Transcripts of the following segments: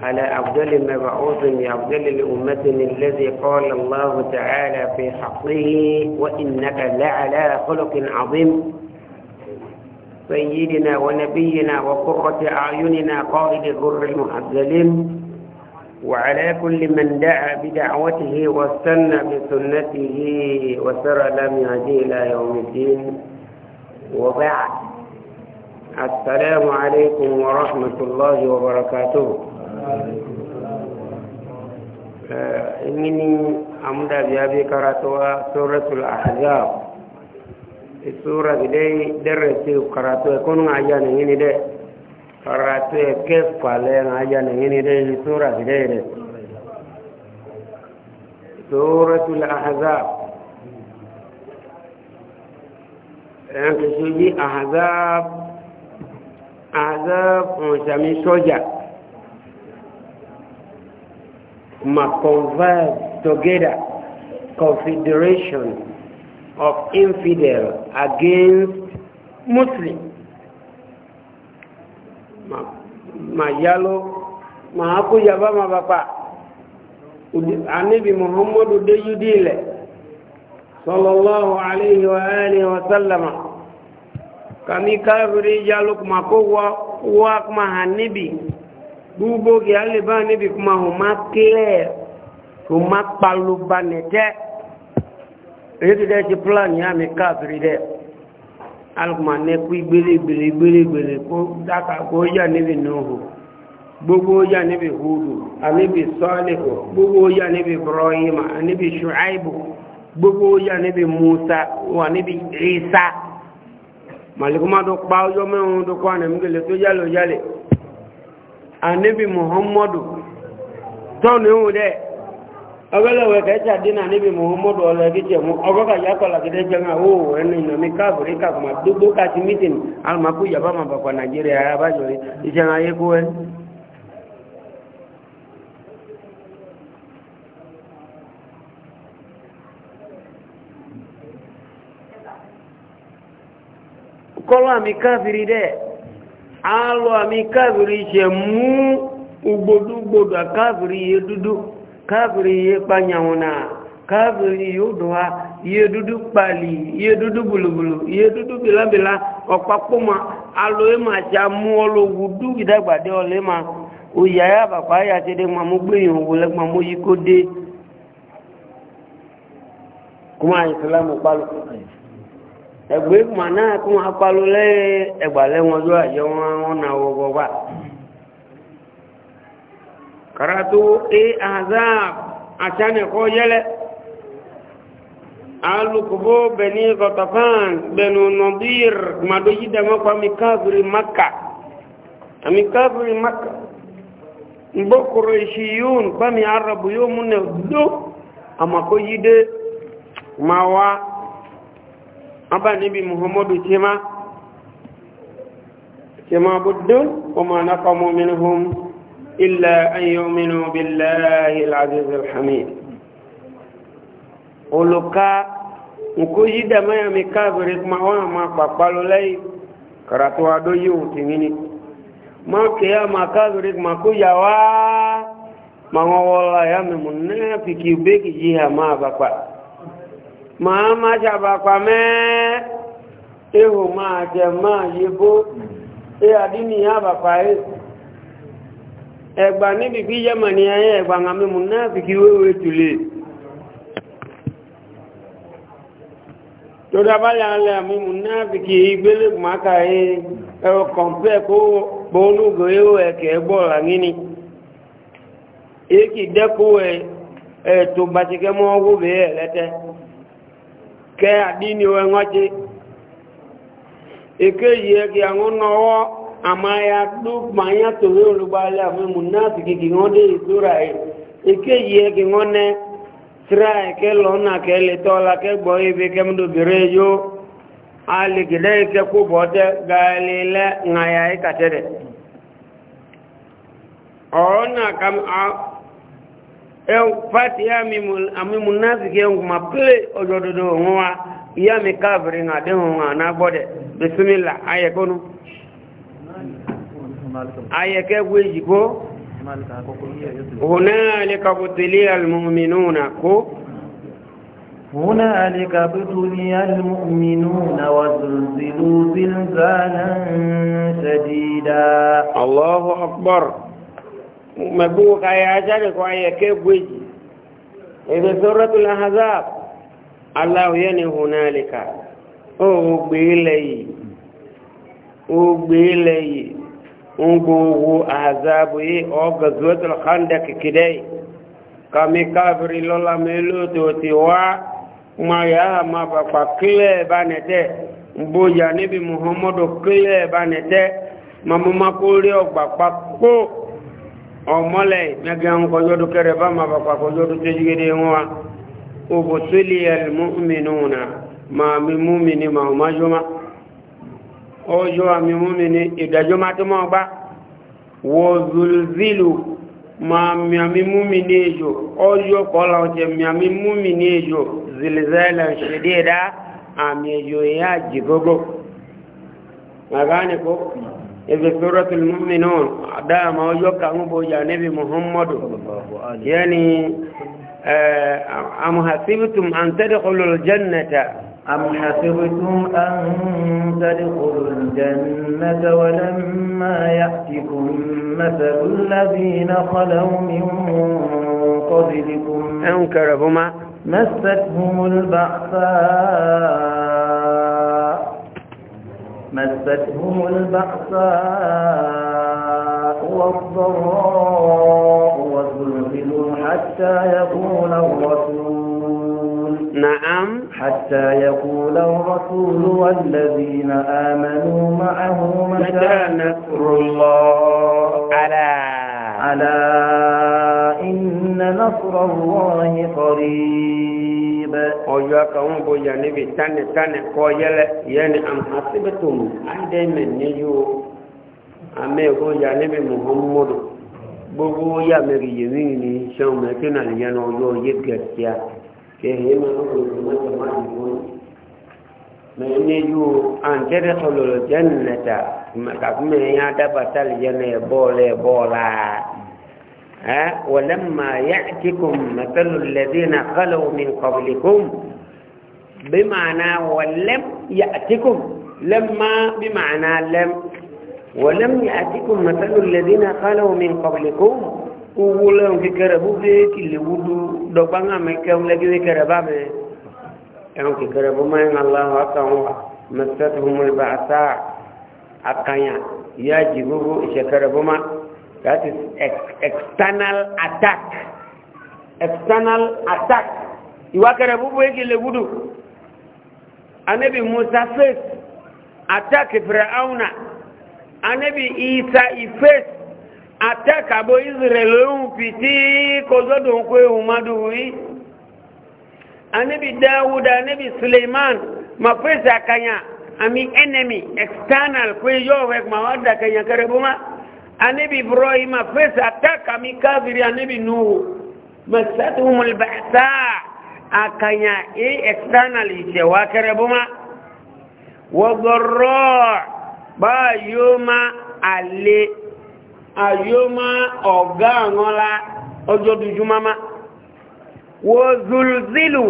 على أفضل مبعوث بأفضل على الأمة الذي قال الله تعالى في حقه وإنك لعلى خلق عظيم سيدنا ونبينا وقرة أعيننا قائد الغر المحذلين وعلى كل من دعا بدعوته واستنى بسنته وسر لم يهدي إلى يوم الدين وبعد السلام عليكم ورحمة الله وبركاته آه، إنني أمد بأبي كراتوا سورة الأحزاب السورة دي درسي كراتوا يكون عجانا هنا دي كراتوا كيف قالين عجانا هنا دي السورة دي, دي سورة الأحزاب ẹ̀rọ kìí bí àzáàbù ọ̀sàmì sọ́jà ma converge together confederation of infidel against muslim ma, ma yalo ma akóyaba ma bapa anibi muhammadu deyudi ilẹ̀ صلى الله عليه وآله وسلم كمي كافري جالوك ما قوة واك ما هنبي بوبو يالي با نبي كما هما كلير هما قلو بانتة يدي ده شي بلان يا مي كافري ده alùpùpù ma ní kú gbélé gbélé gbélé gbélé kó dáka kó yà níbi nùhù gbogbo yà níbi hudu àníbi sọ́ọ̀lì gbogbo yà níbi ibrahim àníbi ṣùáìbù gbogbo ya níbi musa wà níbi isa màlìkúmá tó pa ọjọ́ mẹ́rin tó kọ́ ànàmígẹ̀lẹ̀ tó yálò yálẹ̀ àníbi muhammadu tọ́nù ìhùn dẹ́ ọgọ́lẹ̀wẹ̀ kẹta dínà níbi muhammadu ọlọ́ẹ̀kẹ́jẹ̀mú ọgọ́kà yàkọ̀lá kìdẹ́ jẹ́nà ó ẹni ìnàmí kọlọ àmì káfìrí dẹ̀ alọ́ àmì káfìrí ṣe mú ugbodugbodo káfìrí iye dúdú káfìrí iye panyàwọnà káfìrí yóò dùn wa iye dúdú pàlì iye dúdú bùlùbùlù iye dúdú bìlàbìlà ọ̀pápọ́mà alọ́ yẹn máa ṣe amú ọlọ́wù máa òyà yà bàbá yà ti dé kó dé kó máa ìsìlámù ẹgbẹ́ ìgbìmọ̀ náà kún apalo lẹ́yìn ẹgbàlẹ́ wọn yóò àjọ wọn wọn náà wọgbọ wà. karatu e azab àtànìkọ yẹlẹ alukubo bẹni gọtafan bẹnu nọbir madoji dama kọ amikabiri maka amikabiri maka nbokoro ishiyun bami arabu yóò múnẹ do amakoyide ma wa. aba níbi muhammadu tema tema buddu ọmọ anáfàmù minhum ilẹ̀ ayọ́mínú billahi al-aziz al-hamid olùka nkó yí dàmáyàmí káàbìrì kuma wọn àmà pàpàlọ lẹ́yìn karatu adó yóò tìmínì ma kìí àmà káàbìrì kuma kó yà wá ma wọn wọlọ àyàmì mú náà fi kìí bẹ́ẹ̀kì yí àmà àbàpà màá má ṣàbàpà mẹ́ ihò máa jẹ máa yíbó ẹ àdínìyàn àbàpà ẹ ẹgbà níbi kí yẹ́mọ̀ ní ayé ẹgbà àmìmù náà fi kí wéwé tùlé tó dábàlẹ̀ alẹ́ àmìmù náà fi kí gbélé màákà ẹ ẹ̀rọ kọ̀m̀pẹ́ kó bọ́ọ̀lùgò ẹ̀rọ ẹ̀kẹ́ bọ́ọ̀lù àgínní èkì dẹ́kọ̀ ẹ̀ tó bàtìkẹ́ mọ́ ọgọ́ bẹ́ẹ̀ lẹ́tẹ́ kẹ́ àdínì ẹ̀wọ̀n jẹ́ èkéyìí ẹgbẹ̀ àwọn náwọ́ àmáyà lóògbàáyà tòwé olùgbàlẹ̀ àwọn mùnáàtì kìkì wọ́n dé ìtura ẹ̀ èkéyìí ẹgbẹ̀ wọ́n nẹ́ tíra ẹ̀kẹ́ lọ́nà kẹ́lẹ̀ tọ́la kẹ́gbọ́ ibi kẹ́mdòbìnrin yóò alìgìdẹ́ ìkẹ́kù bọ́tẹ́ gàálẹ̀ ńláyà ìkàtẹ́rẹ̀ ọ̀rọ̀ náà eu fati ya mimul amimu naziki yangu maple ojododo ngwa ya mi kavri na de ngwa na bode bismillah aye kono aye ke weji ko hunalika butilia almu'minuna ko هنالك ابتلي المؤمنون وزلزلوا زلزالا شديدا الله أكبر magbogbo kaya ajáde kọ ayẹkẹ́ gbèjì ẹ̀fẹ́ sọ́rọ́tù lahazab aláwòyẹ́ ni hunalika ògbé lẹ́yìn ògbé lẹ́yìn ngbowo ahazabu yi ọgazọ́tù kanda kìkìdẹ́ kàmi káàbìrì lọ́la mélòó tó ti wá ma ya ma bakwa kile banete mbuja nibi muhammadu kile banete mamuma kuli ogba kpakpo ọmọlẹ̀ mẹ́gàn kọjọ́dú kẹrẹ bá ma bàkwà kọjọ́dú tẹ́júgede wọn òbò sílíẹ̀l múmìnúna ma mi múmìní ma ọmọ jọma ọjọ́ àmì múmìní ìdájọ́má tí wọ́n gbá wọ́zùlzìlù ma miami múmìní èjò ọjọ́ kọ́lá ọjẹ́ miami múmìní èjò zìlìzẹ́lẹ̀ ṣèdíẹ̀dá àmì èjò ìyá jìgógó magánìkó ibi al mu'minun dama ojo kan boya nabi muhammadu yani am hasibtum an tadkhulu al jannata am hasibtum an tadkhulu أم حسبتم أن تدخلوا ya'tikum ولما alladhina مثل min qablikum an karabuma masatuhum al-ba'sa مستهم البأساء والضراء وزلزلوا حتى يقول الرسول نعم حتى يقول الرسول والذين آمنوا معه متى نصر الله ألا ألا إن نصر الله قريب bɛ ɔyɔ akaŋ bo yanni bi tani tani kɔ yɛlɛ yanni amasibitum ayi mɛ ne yo ame ko yanni bi muhammadu gbogbo ya mɛ ki yewi ni sɛw mɛ ki na yan ɔyɔ ye gɛrɛsia kɛ he ma ko ma jama di ko mɛ ne yoo an tɛ de sɔlɔ lɔ jɛni nɛ ta mɛ ka kuma ya dabata li yɛlɛ bɔɔlɛ bɔɔlaa. ولما يأتكم مثل الذين خلوا من قبلكم بمعنى ولم يأتكم لما بمعنى لم ولم يأتكم مثل الذين خلوا من قبلكم ولم كربوا فيك اللي ودوا دبانا مكام لجوا كربا يعني كربوا ما الله أكبر مستهم البعثاء أكايا يجبوا شكربوا ما That is ex external attack. External attack. Iwakere bubu yake le gudu. Musa face attack Fir'auna. Anabi Isa face attack abo Israel ohun piti kozodo nko ehun madu yi. Anabi Dawud, Anabi Suleiman ma face akanya ami enemy external kwe yo wek ma kanya kare buma anibi ibrahim face attack ami kafiri anibi nuhu masatuhum alba'sa akanya e external ise wa kerebuma wa dharra ba yuma ale ayoma oga angola ojo dujumama wa zulzilu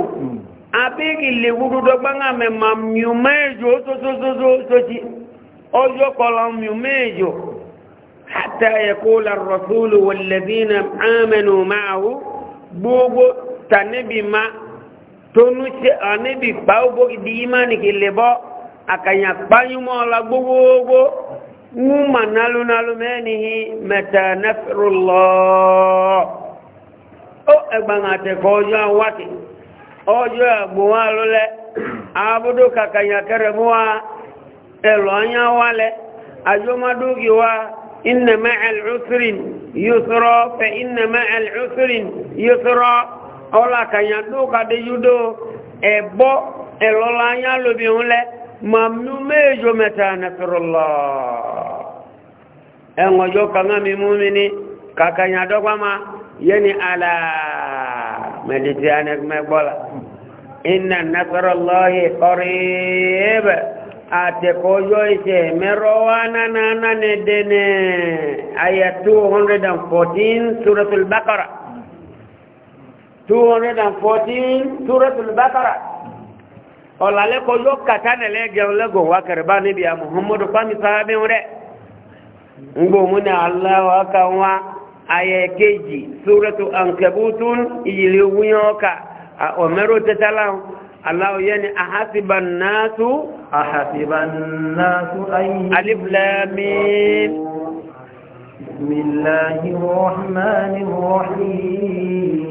abegi le wududo gbanga me mamiumejo so so so so ti ojo kolamiumejo حتى يقول الرسول والذين آمنوا معه بوغو تنبي ما تنوش أنبي باوبو ديمان كلبا أكن يقبان مولا بوغو مما نالو نالو منه متى نفر الله أو أبانا تفوجا واتي ọjọ́ àgbòwà lọ́lẹ́ àbúdó kàkàyà kẹrẹ̀mú wa ẹ̀lọ́ anyá wálẹ̀ àjọmọ́dógì wa إن مع العسر يسرى فإن مع العسر يسرى أولا كان يدوك دي يدو إبو إلولا يالو بيون لي ممنو ميجو متى نصر الله إن جو كان مؤمني كاكا يدوك ما يني على مدتي أنا مقبولا إن نصر الله قريب atekoyo ise merowa nanana ne dene aya 214 suratul baqara 214 suratul baqara olale ko yo katane le gewle go wa karba ne biya muhammadu fami sahabe ure ngo muna allah wa kanwa aya keji suratu ankabutun iliwuyoka omero tetalau الله يعني أحسب الناس أحسب الناس أن ألف لام بسم الله الرحمن الرحيم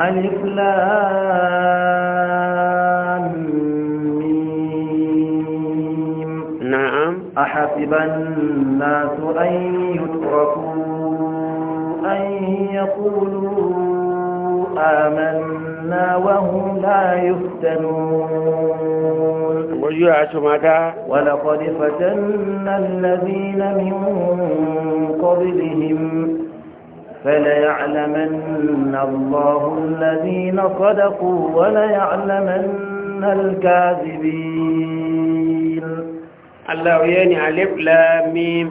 ألف لام نعم أحسب الناس أن يتركوا أن يقولوا آمنا وهم لا يفتنون ولقد فتنا الذين من قبلهم فليعلمن الله الذين صدقوا وليعلمن الكاذبين الله يعني ألف لام ميم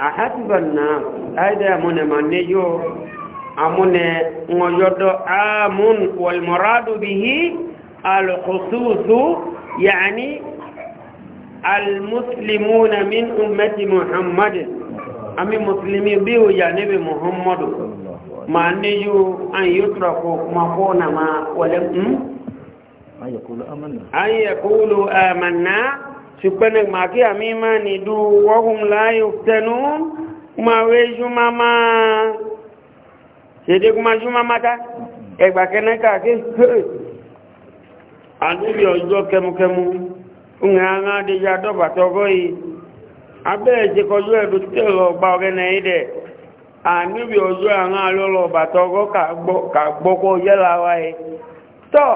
أحسب الناس هذا من من يجور amune ngoyodo amun wal muradu bihi al khususu yani al muslimuna min ummati muhammad ami muslimi biu ya nabi muhammad ma ne yu an yutraku ma kona ma wala mm ay yaqulu amanna ay yaqulu amanna subhanak ma ki du wa la yuftanun ma weju dede kuma juma mata ẹgbà kẹne káàkiri hee àdúgbò ọjọ́ kẹmukẹmu ńlá ńlá déjà dọ́bàtọ́ gọ́yì abẹ́ ìṣekọjú ẹ̀dù tẹ̀lọ ọgbà ọ̀rẹ́ náà yìí dẹ̀ àdúgbò ọjọ́ àwọn alọ́lọ́ ọbàtọ́ gọ́ kàgbọ́kọ́ yẹ́la wa yìí tọ́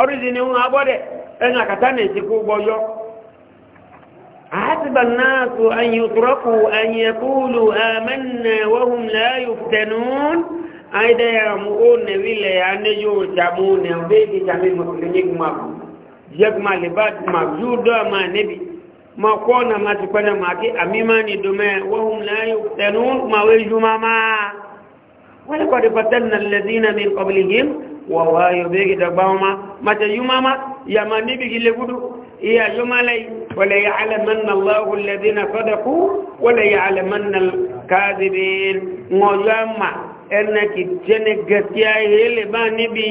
ọdún ni wọn abọ́dẹ̀ ẹ̀ńlá kàtà nà ìṣekú حسب الناس أن يتركوا أن يقولوا آمنا وهم لا يفتنون أيضا يأمرون بالله أن يجعمون بيت جميع المسلمين معهم يجمع لباد مبجود مع نبي ما كون ما تكون معك أميمان دماء وهم لا يفتنون ما ويجوا ما ولقد فتنا الذين من قبلهم wawa yobegi da bawma mata yumama yama nibi gile gudu iya yumalai wala ya'lamanna Allahu alladhina sadaqu wala ya'lamanna al-kadhibin ngoyama enna kitene gaskiya hele ba nibi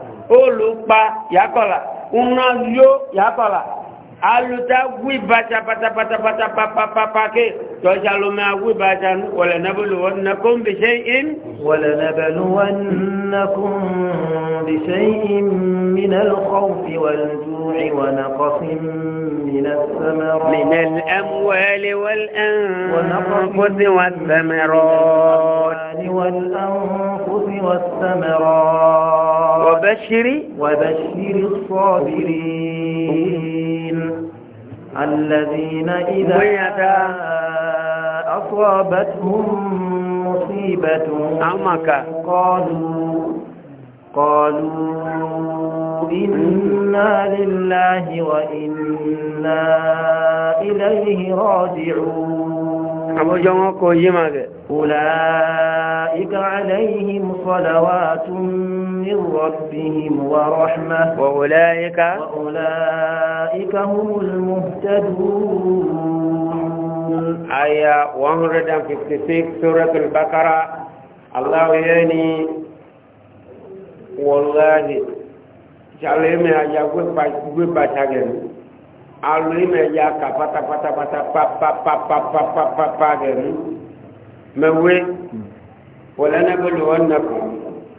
olùpa yàkọ̀là ńnà yó yàkọ̀là aluta wi bata bata bata bata papa papa ke to jalo ma gwi bata wala nabulu wannakum bi shay'in wala nabulu wannakum bi shay'in min al-khawf wal-ju'i wa naqsin min al thamarati min al-amwali wal-anfusi wath-thamarati wal-anfusi wath-thamarati وبشر وبشر الصابرين الذين إذا أصابتهم مصيبة قالوا قالوا إنا لله وإنا إليه راجعون أولئك عليهم صلوات من ربهم ورحمة وأولئك, وأولئك هم المهتدون آية 156 سورة البقرة الله يعني والله sàlẹ̀ mẹ́ àjà gbé bàtà gẹ̀rù alùlẹ̀ mẹ́ àjà kà pátápátápátá pápápápápápá gẹ̀rù mẹ́wé wọ̀lẹ́nẹ́gbẹ̀lẹ̀ wọn nàkùn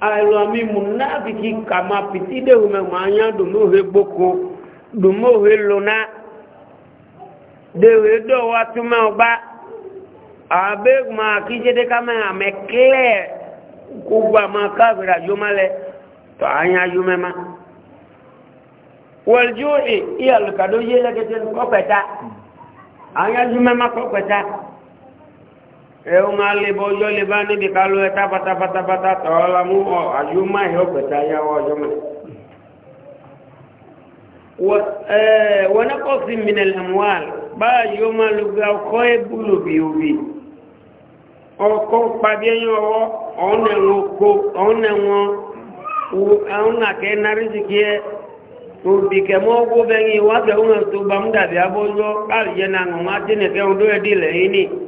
alami munafiki kama piti pitide umemanya dumuhe boko dumuhe lona dewe do watu meoba abe ma kijede kama amekle kubwa makabira jumale to anya yumema waljui iya lukado yele keten kopeta anya ma kopeta ẹ̀hún alẹ́bọ̀ ọjọ́ lè bá ta ká ló ẹta pátápátápátá tọ́ọ́lá o ọ àjú máa yọ pẹ̀tà yáwọ́ ọjọ́ mọ́. wọ́n nákọ́ sí minelhamwal báyà yóò máa lo gba ọkọ́ ebúlò bí òbí ọkọ́ pàdéyàn ọwọ́ ọ̀nà ẹ̀wọ̀n oko ọ̀nà ẹ̀wọ̀n àwọn àkẹ́ nárísìkí ẹ̀ òbí kẹmọ́ ọgbó bẹ́yìn wákẹ́ òun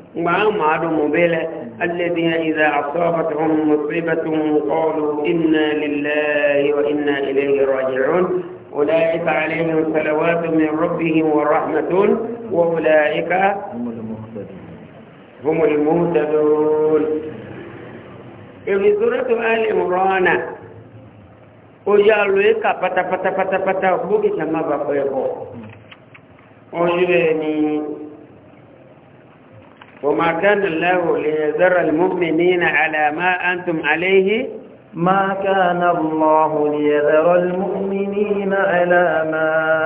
معهم عدو بلا الذين إذا أصابتهم مصيبة قالوا إنا لله وإنا إليه راجعون أولئك عليهم صلوات من ربهم ورحمة وأولئك هم المهتدون في سورة آل عمران فتا فتا فتا فتا فتا فتا فتا فتا فتا فتا فتا ni وما كان الله ليذر المؤمنين على ما أنتم عليه ما كان الله ليذر المؤمنين على ما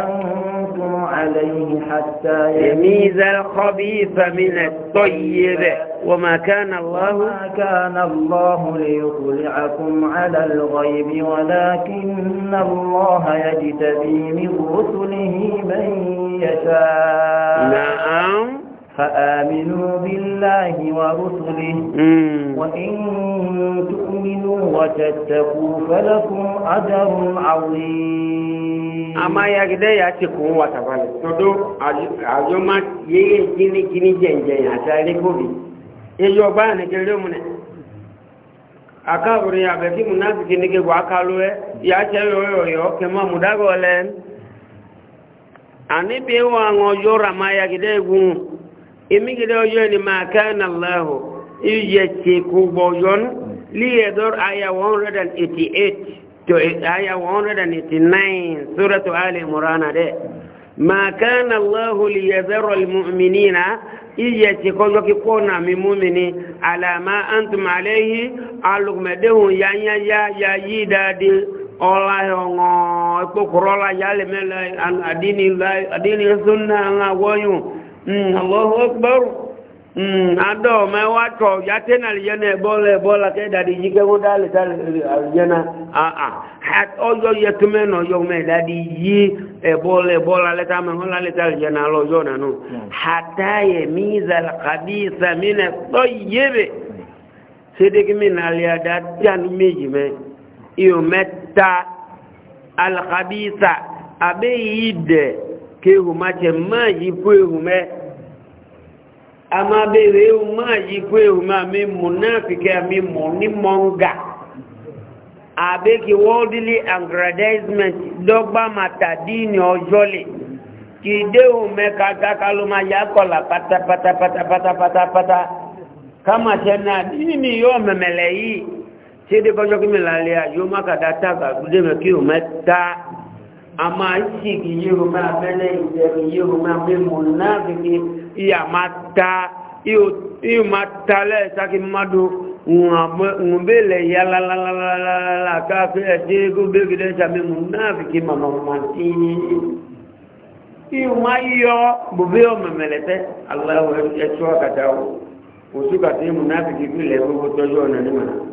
أنتم عليه حتى يميز الخبيث من الطيب وما كان الله ما كان الله ليطلعكم على الغيب ولكن الله يجتبي من رسله من يشاء نعم فآمنوا بالله ورسله وإن تؤمنوا وتتقوا فلكم أجر عظيم أما يجدي أتكون وتفعل تدو أجمع يجي جيني جيني جين جين أتالي كوبي يجو بان كلو من أكابر يا بكي منافق نيجي وأكالوه يا تلو يو يو كما مدعو لين أني بيوان وجورا ما يجدي يقوم emi gida ojo ni ma kana allah iye ti ku bojon li yadur aya 188 to aya 189 suratu ali imran de ما كان الله ليذر المؤمنين إذا تقول كونا من مؤمن على ما أنتم عليه ألوك مدهو يا يا يا يا يدا دي الله يونغو يقول الله يالي من الدين السنة الله Mm, Allahu akbar mm, adọ ma wa tọ ya te na alijana ebola ebola ke dadi yi ke ngoda ali ta alijana a a hat ọjọ yẹ tume na ọjọ mẹ dadi yi ebola ebola lẹta mẹ ngọla lẹta alijana alọ ọjọ nanu hata yẹ miza kabi samina tọ yebe sedeke mi na alia da tianu meji mẹ iyo mẹ ta alikabisa abe yi dẹ kéhù má jẹ máa yí kú ehù mẹ́ a máa bèèrè ehù máa yí kú ehù mẹ́ àmì mù náà fìkẹ́ àmì mù ní mọ́ngà àbẹ́kì worldly aggrandizement dọ́gba màtàdí ní ọjọ́ lè kì í déhù mẹ́ kàkà kálọ́ máa yá kọ̀là pátápátápátápátápátá kama tẹ́nà nínú yóò mẹ̀mẹ̀lẹ̀ yìí tí ó dé kọjọ́ kí mi lálẹ́ àjò má kàdá tàbí àgúdé mẹ́ kí ò mẹ́ ta ama sigi yero ma mɛnɛ ìdɛrù yero ma mɛ mɔnàfìkì ìyà ma ta ìyò ma ta ma do ŋun bɛ lɛ yalalalala káfí ɛdí kó bébí dɛ sami mɔnàfìkì mamamanti ìyò ma yɔ bobe fi gbogbo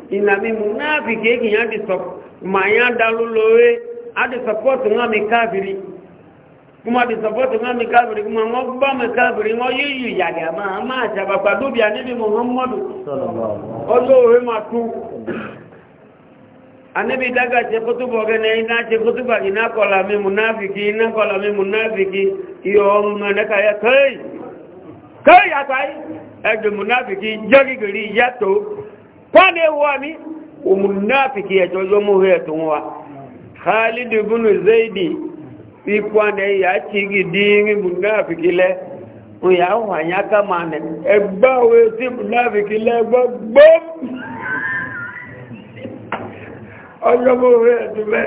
inami munafiki ma ya disop maya daluloe adi support ngami kafiri kuma di support ngami kafiri kuma ngobba me kafiri yiyu ya jamaa ma jaba kwa dubya nabi muhammad sallallahu alaihi wasallam anabi daga je kutubu gane ina je ina kola me ina kola me munafiki yo kai kai pande wami umunafiki ya chojo muhe ya tungwa Khalid ibn Zaidi ipande ya chigi dingi munafiki le uya wanya kama ne egba we si munafiki le tume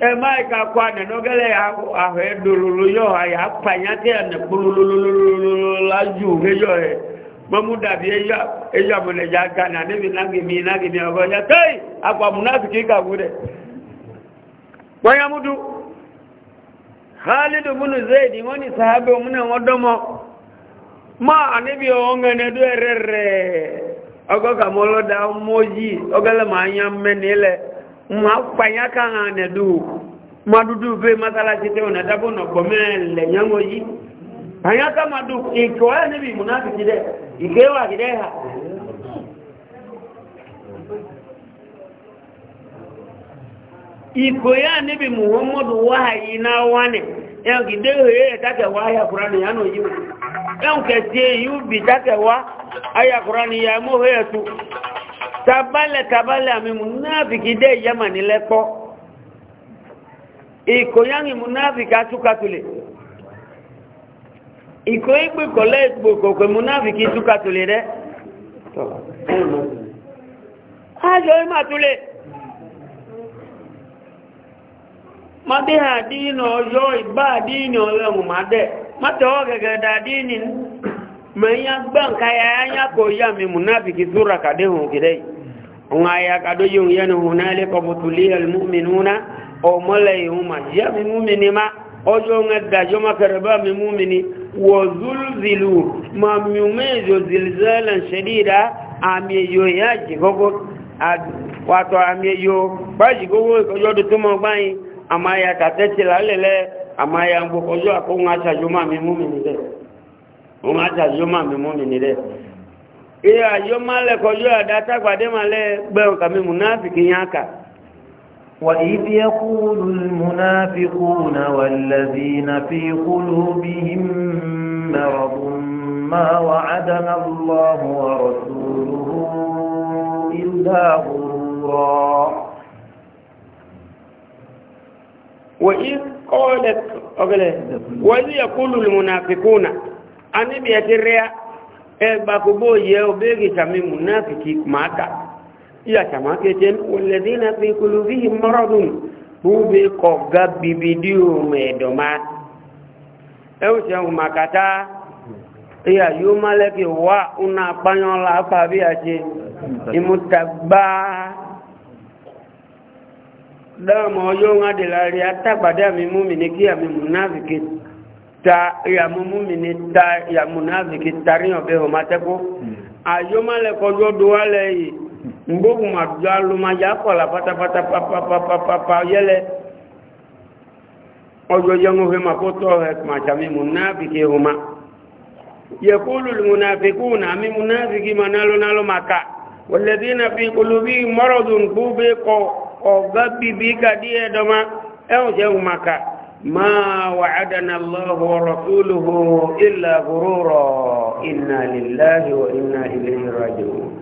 e mai ka no gele ya ahwe dululu mamu dàbí ẹyà ẹyà mọ̀lẹ̀jà gánà níbi nágèmí nágèmí ọgbọ́n ya tẹ́yì àpàmù náà sì kíkà wú rẹ̀ pọ́nyámúdú halidu bunu zaidi wọ́n ni sahabe omuna wọn dọ́mọ ma níbi ọ̀ngẹ̀nẹ̀dú ẹ̀rẹ̀ rẹ̀ ọgọ́kà mọ́lọ́dà mọ́jì ọgọ́lẹ̀ máa yá mẹ́nilẹ̀ ma pàyà káhàn nẹ̀dú ma dúdú bẹ́ masalasi tẹ́ hanya kama du ikoya nibi munafiki de ikewa kideha ikoya nibi muhammadu wahayi na wane ya kideho yeye take waya kurani yano yu yan kese yu bi take wa aya kurani ya mo he tu tabale tabale ami munafiki de yamani lepo ikoya ni munafiki atukatule iko ìgbè kọlẹ ìgbò kòkò múnáfìkì túkà tó lè rẹ ájọ ìmà tó lè mọ́tí àdínà ọjọ́ ìgbà àdínà ọlọ́run máa dẹ̀ mọ́tí ọwọ́ gẹ̀gẹ̀ dàdínì mẹ́yà gbọ́nkà yá mi hùn ọmọlẹ̀ ìhùn mà mi má ọjọ́ ń bá mi wọ̀zúlùzìlù ma mìírànjò zìlìzẹ́lẹ̀ ṣẹ̀dídá àmì èyò ìyá jìgógó wàtọ̀ àmì èyò bá jìgógó ìkọjọ́ tó tó mọ́ gbáyìn àmáyà tàtẹ́tì lálẹ́lẹ́ àmáyà gbogbo àkóhun aṣàjò máa mi mú mi nílẹ̀ òun aṣàjò máa mi mú mi nílẹ̀ وإذ يقول المنافقون والذين في قلوبهم مرض ما وعدنا الله ورسوله إلا غرورا وإذ قالت وإذ يقول المنافقون أنا بيتريا إيه باكبو يهو بيجي سامي منافقي ماتا iya kama keten walladhina fi qulubihim maradun bube ko gabbi bidiu medoma ewu se makata iya yumale ki wa una panyola pa bi aje imutagba damo yo ngade la ri atagbada mi mumini ki ami munafiki ta ya mumini ta ya munafiki tariyo be o mateko hmm. ayo male ko yo ngbogun madudu alumadza akɔla patapata papapapapa yɛlɛ ɔdzɔdzɔ ŋohe ma kó tɔ hɛ kumatsami munafiki homa yekulu munafiki na mi munafiki ma nalo nalo ma ka wòlɛbi nafi kulubi mɔrɔdun kube kɔ ɔga bibi gadi yɛ dɔma ɛwɔ jɛ homa ka ma wacadana allahu wa rasuluhu illa gururo inna lillahi wa inna ilayhi rajiun.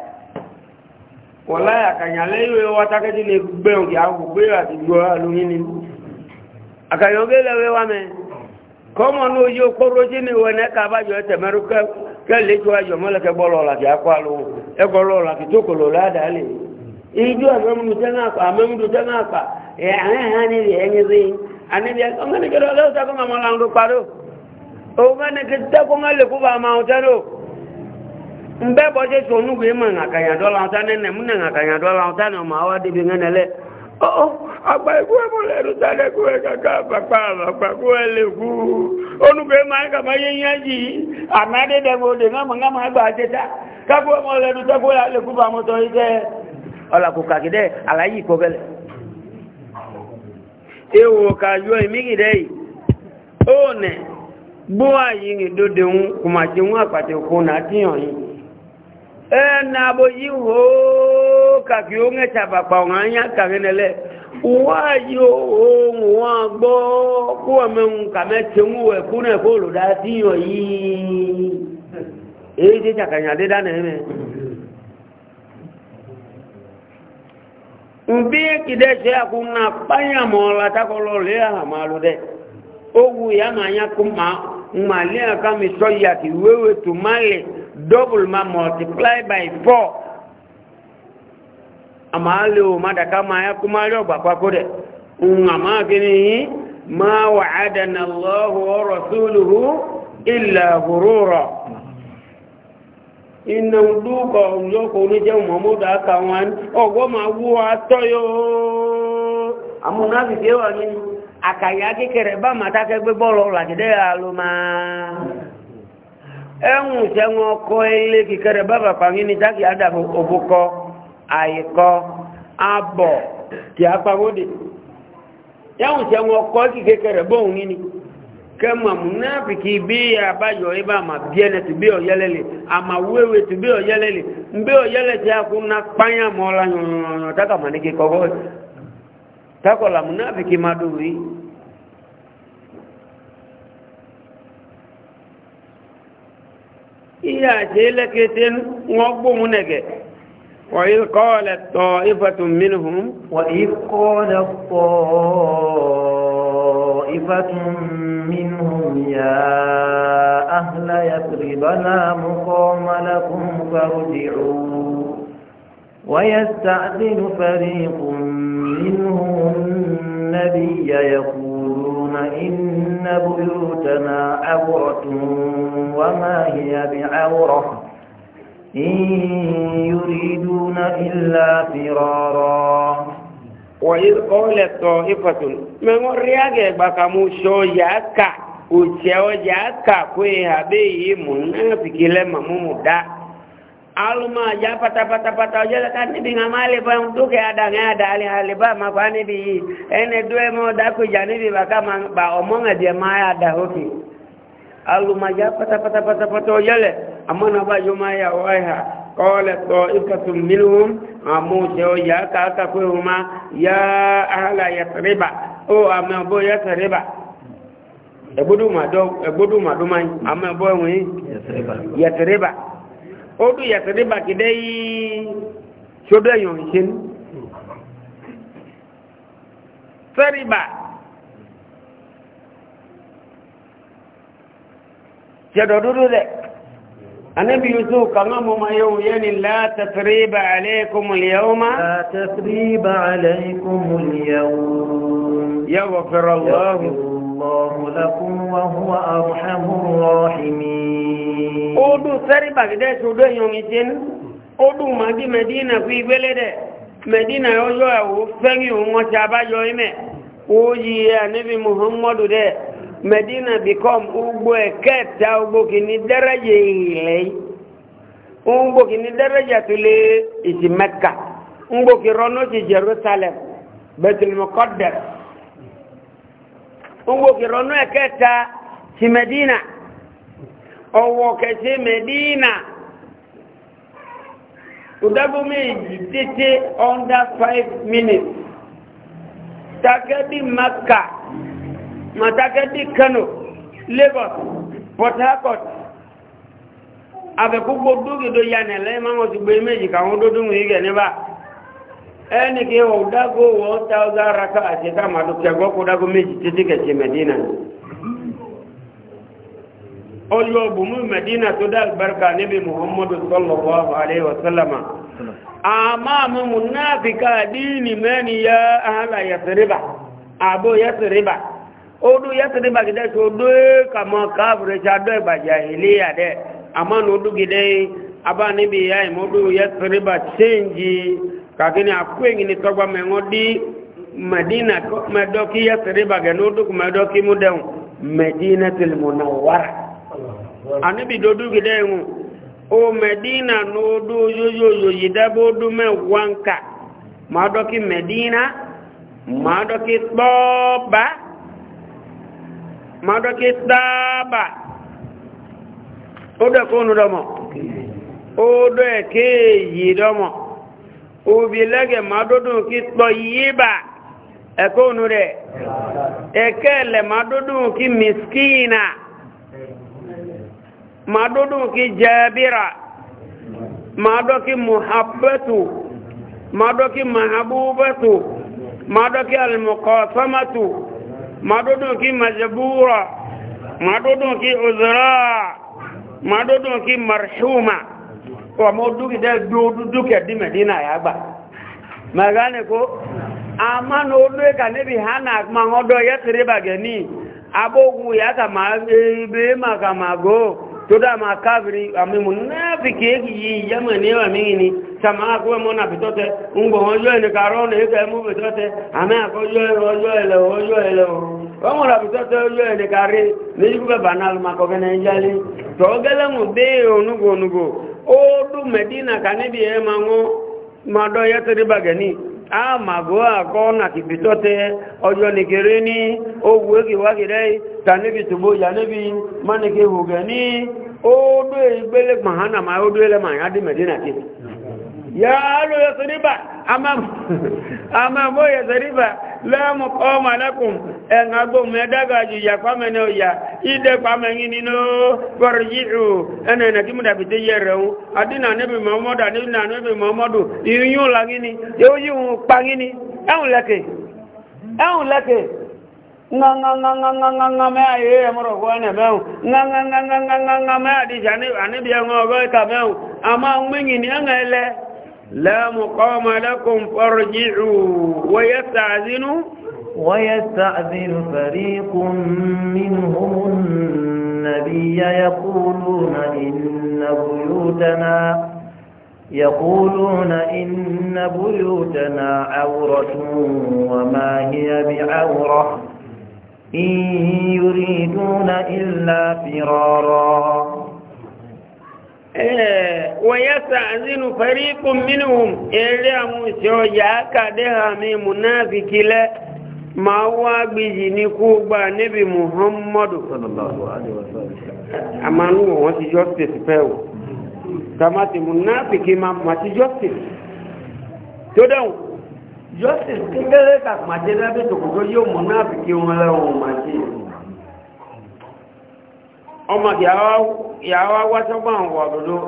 wọ́lá àkànyà lẹ́yìn wa tákẹ́tì lè gbẹ̀hùn kí a kò gbé àti gbọ́ alóyìn ni àkànyà ogé lẹ́wẹ́ wa mẹ́ kọ́mọ ní ojú kóró tí ni wọ́n ẹ̀ka àbájọ ẹ̀tẹ̀mẹ́rú kẹ́lẹ́ tí wọ́n jọmọ́ lẹ́kẹ́ bọ́ lọ́la kí a kọ́ alo ẹ̀kọ́ lọ́la kí tókò lọ́ ládàá lè ijó àmẹ́múdu tẹ́ná àpà àmẹ́múdu tẹ́ná àpà ẹ̀ àhẹ́hàn ni mbe boje so nu we ma nga kanya dola ta ne ne mun nga kanya dola ta ne ma wa de bi ngene le o oh, oh, agba ku e mo le ru ta ne ku e ka ka pa e le ku onu be ma e ka ma yin ya ji amade de go de nga ma nga ma e gba je ta ka mo le ru ta ku la le ku ba mo to ite ola ku ka gide ala yi ko gele e wo ka yo mi gide o ne bo ayi ni do de un ku ma je un apate na ti yan yin na boji ho kaki onge chapa pa nganya kagenele wayo wa gbo kuwa men kame chengu e kune kolo da tiyo yi e je chakanya de dane me mbi kide se akuna panya mola takolo le amalu de ogu ya ma manya kuma malia kama soya kiwewe tumale double ma multiply by four ama leo mada kama ya kumalio bakwa kode ungama kini ma waadana allahu wa rasuluhu illa gurura ina mduka unyoko unije umamuda haka wani ogoma uwa atoyo amunavi kiewa nini akayaki kereba matake bebolo lakide aluma aluma ẹ̀hùn sẹ́wọ̀n ọkọ ilé kìkẹrẹ bàbà pàmí ní Ya àdàbò òbúkọ àìkọ àbọ̀ tí a pàwódé ẹ̀hùn sẹ́wọ̀n ọkọ̀ kìkẹrẹ bóhùn ní kẹmọ̀ múnáfìkì bí àbáyọ ibà mà bí ẹnẹ tó bí àmà wéwé tó bí ń bí ọ̀yẹ́lẹ̀ tí a kú ná pányàmọ́ ọ̀la yọ̀nyọ̀nyọ̀ tákà ní kíkọ́ bọ́ọ̀lù tákọ̀ má yìí إياتي لكتن وقبو منك وإذ قالت طائفة منهم وإذ قالت طائفة منهم يا أهل يثرب لا مقام لكم فارجعوا ويستأذن فريق منهم النبي يقول اللهم إن بيوتنا عورة وما هي بعورة إن يريدون إلا فرارا وإذ قالت طائفة من ورياك بكمو شوياك وشوياك كويها بيه منافك لما ممدأ aluma ja pata pata pata jela kan ni binga male ba duke ada ngada ali ali ba mafani bi ene due mo da ku jani bi ba kama ba omonga dia maya ada hoki aluma ja pata pata pata pata jela amana ba juma ya waiha قال طائفة منهم موسى يا كاكفهما يا أهل يثرب أو أما بو يثرب أبدو ما دو أبدو ما دو ما أما بو يثرب يثرب odu yasede bakide yi sodo yonkin sariba jedo dudu de anabi yusuf kama mo ma yow yani la tasriba alaykum al yawma la tasriba alaykum al yawm yaghfir allah Odu الله لكم وهو أرحم الراحمين أودو سري بغداد سودو يوميتين أودو مدي مدينة في بلد مدينة يوجو وفني ومشابا Oji ya anabi muhammadu dɛ medina become ugbo ɛkɛta ugbo kini daraja ilɛ ugbo kini daraja tole isi mɛka ugbo kirɔ n'osi jerusalem betul mukaddas ngbo kirono eketa ti medina ọwọ kẹsẹ medina ọdọgbọmọ èyí tètè under five minutes takẹ́dì maka matakẹ́dì kano lagos port harcourt abẹ́kúgbò dúkìdó yanẹ̀lẹ́ máa wọ́n ti gbé méjì káwọn dúdú mú ìgẹ̀ níbà ẹni kí wọ́n dágó wọ́n táwọ́gá raka àti táàmàdó kẹgbọ́ kó dágó méjì títí kẹsì mẹ́dínà ọlọ́ bùnmú mẹ́dínà tó dá albarka níbi muhammadu sallallahu alaihi wasallama àmà mímú náà fi ká dínì mẹ́ni ya ahàlà yasiriba àbò yasiriba odó yasiriba gidẹ tó dó kàmọ káàbùrẹ̀ sàdọ́ ìbàjá ilé yàdẹ àmà nà odó gidẹ abá níbi ya ìmọdó yasiriba ṣéǹjì kagini akwengini togwa meng'o di madina ko medoki yathriba genuduk medoki mudeu medina til munawara ani bidodu gideng'u o oh, medina nudu yoyoyo yidabodu me wanka madoki medina madoki boba madoki daba odo konu domo odo ekeyi domo obilege madodun ki to yiba eko nure ekele madodun ki miskina madodun ki jabira madoki muhabbatu madoki mahabubatu madoki almuqasamatu madodun ki majbura madodun ki uzra madodun ki marhuma ọmọ dúkìdẹ́ dúkẹ̀ dí mẹ̀dínà yàgbà mẹ̀gánìkó a máa ní olú ẹ̀kà níbi hana ma ọdọ́ yẹ́tìrí bàgẹ̀ ní abógun yàtà máa ebe màkà máa gó tó dá máa káàbìrì àmìmù náà fi kéèkì yìí yẹ́mọ̀ ní ẹ̀wà míì ni sàmà àkọ́wé mọ́nà àfitọ́tẹ ń gbọ̀ ọjọ́ ẹni karọ́ ní ẹ̀kà ẹmú fitọ́tẹ àmì àkọ́jọ́ ọjọ́ ẹlẹ̀ ọjọ́ ẹlẹ̀ wọ́n mọ̀ àfitọ́tẹ ọjọ́ ẹni karí ní ikú bẹ̀ bàná alùmọ̀kọ́kẹ́ nàìjíríà tọ́gẹ́lẹ́mù bẹ́ẹ̀ onúgbò onúgbò odu medina ka níbi ẹ e ma wọn ma dọ́ yẹ́ bàgẹ̀ ní a màgó àkọ́ nà kìbì tọ́tẹ́ ọjọ́ nìkèrè ní owó èkìwákìrẹ́ tàníbi tùbó yà níbi mánìkè hùgẹ̀ ní odu ìgbélé e mahana ma odu ẹlẹ́ ma yá dí medina kí yà á lóye tẹ́rí bà a máa mọ́ yẹ tẹ́rí lẹ́mù kọ́ mọ̀lẹ́kùn ẹ̀ǹ agbóhùn ẹ̀dẹ́gàjù ìyà pàmẹ́ni ọ̀yà ìdẹ́ pàmẹ́yìn nínú bọ̀rọ̀ yíò ẹnà ẹ̀nà tí mo dàbí tẹ́ yẹ rẹ̀ wọn níbi mọ́mọ́dù níbi mọ́mọ́dù ìyún yóò ẹ̀hùn lẹ́kẹ̀ ẹ̀hùn lẹ́kẹ̀ لا مقام لكم فارجعوا ويستعذنوا ويستعذن فريق منهم النبي يقولون إن بيوتنا يقولون إن بيوتنا عورة وما هي بعورة إن يريدون إلا فرارا ويستأذن فريق منهم إليهم سيوجاك دها من منافق لا ما هو بجنكو نبي محمد صلى الله عليه وسلم أما هو وسي جوستيس بيو كما منافق ما ما سي جوستيس تدعو جوستيس كنت لك ما تدعو بيتو كنت يوم منافق يوم لا وما تدعو ọmọ ìyàwó awásọ́gbà àwọn ọ̀dọ̀dọ̀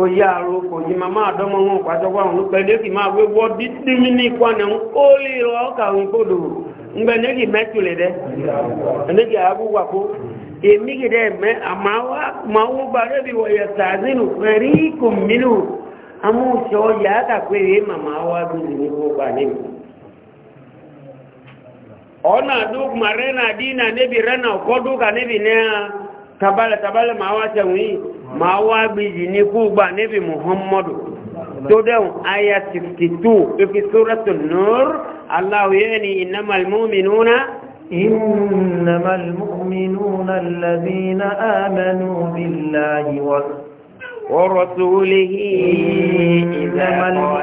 oyé àrò kò yí máa máa dọ́mọ wọn pàṣọgbà àwọn pẹ̀lẹ́kì máa wé wọ́ dídí mi ní ìpọ́nà ó lè dẹ́ ẹ̀lẹ́kì àbúwà kó èmi mẹ́ amúṣọ yàtà màmá wá bí ọ̀nà rẹ́nà dínà níbi rẹ́nà níbi náà tabala tabala ma wa tẹ̀wìn ma wa bi ní ku kúgbà níbi muhammadu tó de ayat 52 62 ifi sórẹ́tù nur aláwòye ni innamal múminúna innamal mu'minuna alladhina amanu billahi wa ورسوله إذا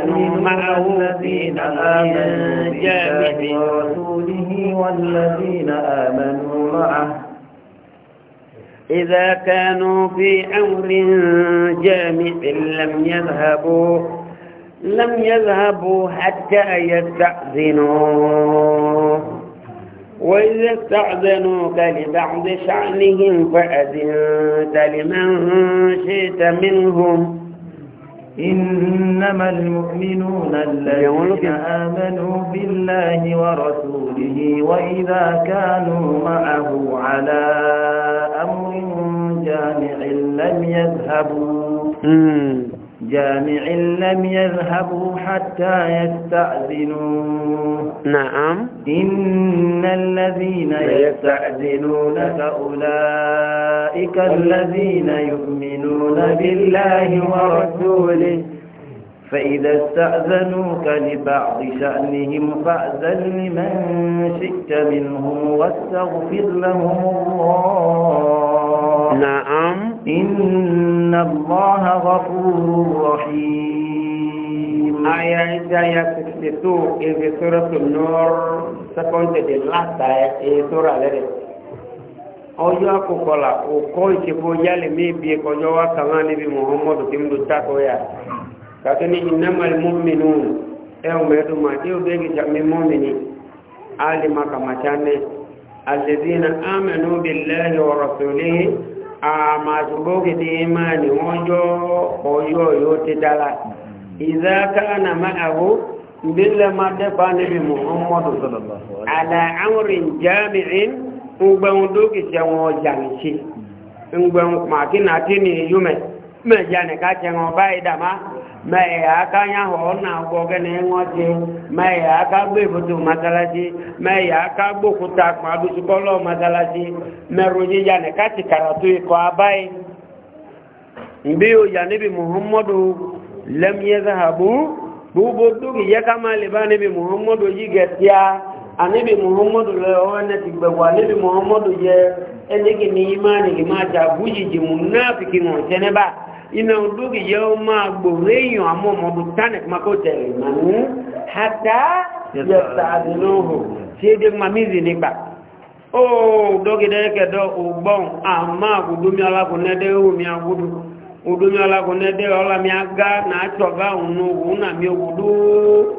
إنما المؤمنون الذين آمنوا بالله ورسوله والذين آمنوا معه إذا كانوا في أمر جامع لم يذهبوا لم يذهبوا حتى يستأذنوا وإذا استأذنوك لبعض شأنهم فأذنت لمن شئت منهم إنما المؤمنون الذين آمنوا بالله ورسوله وإذا كانوا معه على أمر جامع لم يذهبوا جامع لم يذهبوا حتى يستأذنوه نعم إن الذين يستأذنونك أولئك الذين يؤمنون بالله ورسوله فإذا استأذنوك لبعض شأنهم فأذن لمن شئت منهم واستغفر لهم الله نعم إن الله غفور رحيم آية إداية 62 في سورة النور second to the last سورة الأرض ọjọ́ akọkọ̀lá òkọ́ ìṣẹ́fọ́ yálẹ̀ mí bí ẹkọjọ́ wá kàmá níbi muhammadu tí ń dùn tákọ̀ yà kakini innamal mu'minun ẹ̀hùn mẹ́dùn máa tí ó gẹ́gì jami mọ́mìnì alìmaka màtánẹ́ alìdínà ámẹ́nú bí lẹ́yìn ọ̀rọ̀ tòlé àmàṣùgbókìdí máa ní wọ́n jọ ọyọ́ yóò ti dára ìzákánà máàwó bílẹ̀ máa dẹ́fà níbi muhammadu aláàmùrin jami'in ń gbẹ̀hùn dókìtì àwọn ọjà nìṣe ń gbẹ̀hùn màkínà tí ni yúmẹ̀ mẹ́jà nìka jẹun ọba ìdàmá mee aka anya hụọ na agwọ gị na ịṅụọchi mee ya aka gba ebodo matalachi mee ya aka gbokwuta akpa agụsikọlọ matalachi merụ onye ya na tụ ịkọ abaghị mgbe ya nabi muhammadu lem bụ bodogi ya kama leba nabi muhammadu yi gaskiya anabi muhammadu lọ wọnà ti gbẹ̀wọ̀ anabi muhammadu yẹ ẹnìkì ní imá nìkì máa ta bújìjì mú ina udugi yauma buhiyo amu mudutane kama kote manu hata yastaadinuhu sidi mamizi nipa oh dogi deke do ubon ama gudumi ala kunede umi agudu udumi ala na achoga unu una mi gudu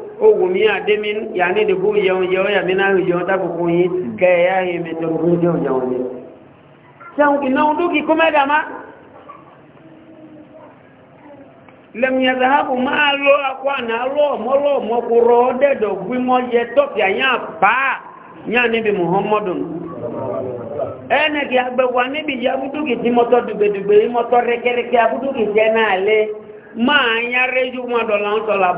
mi ademin yani de ku yeun ya mina ta ke hmm. ya mi to ku ni lẹ́mìí ẹ̀dáhàbù máa lọ akọ àná lọ mọ́lọ́ mọ́kúrọ́ dẹ̀dọ̀ gbímọ́ yẹ tọ́pì àyà bá yà níbi muhammadun e ẹnẹ̀kì agbẹ̀wà níbi yà búdúkì tí mọ́tọ́ dùgbẹ̀dùgbẹ̀ mọ́tọ́ rẹ́kẹ́rẹ́kẹ́ abúdúkì jẹ́ náà lé máa yá rẹ́jú mọ́dọ̀ làwọn tọ́lá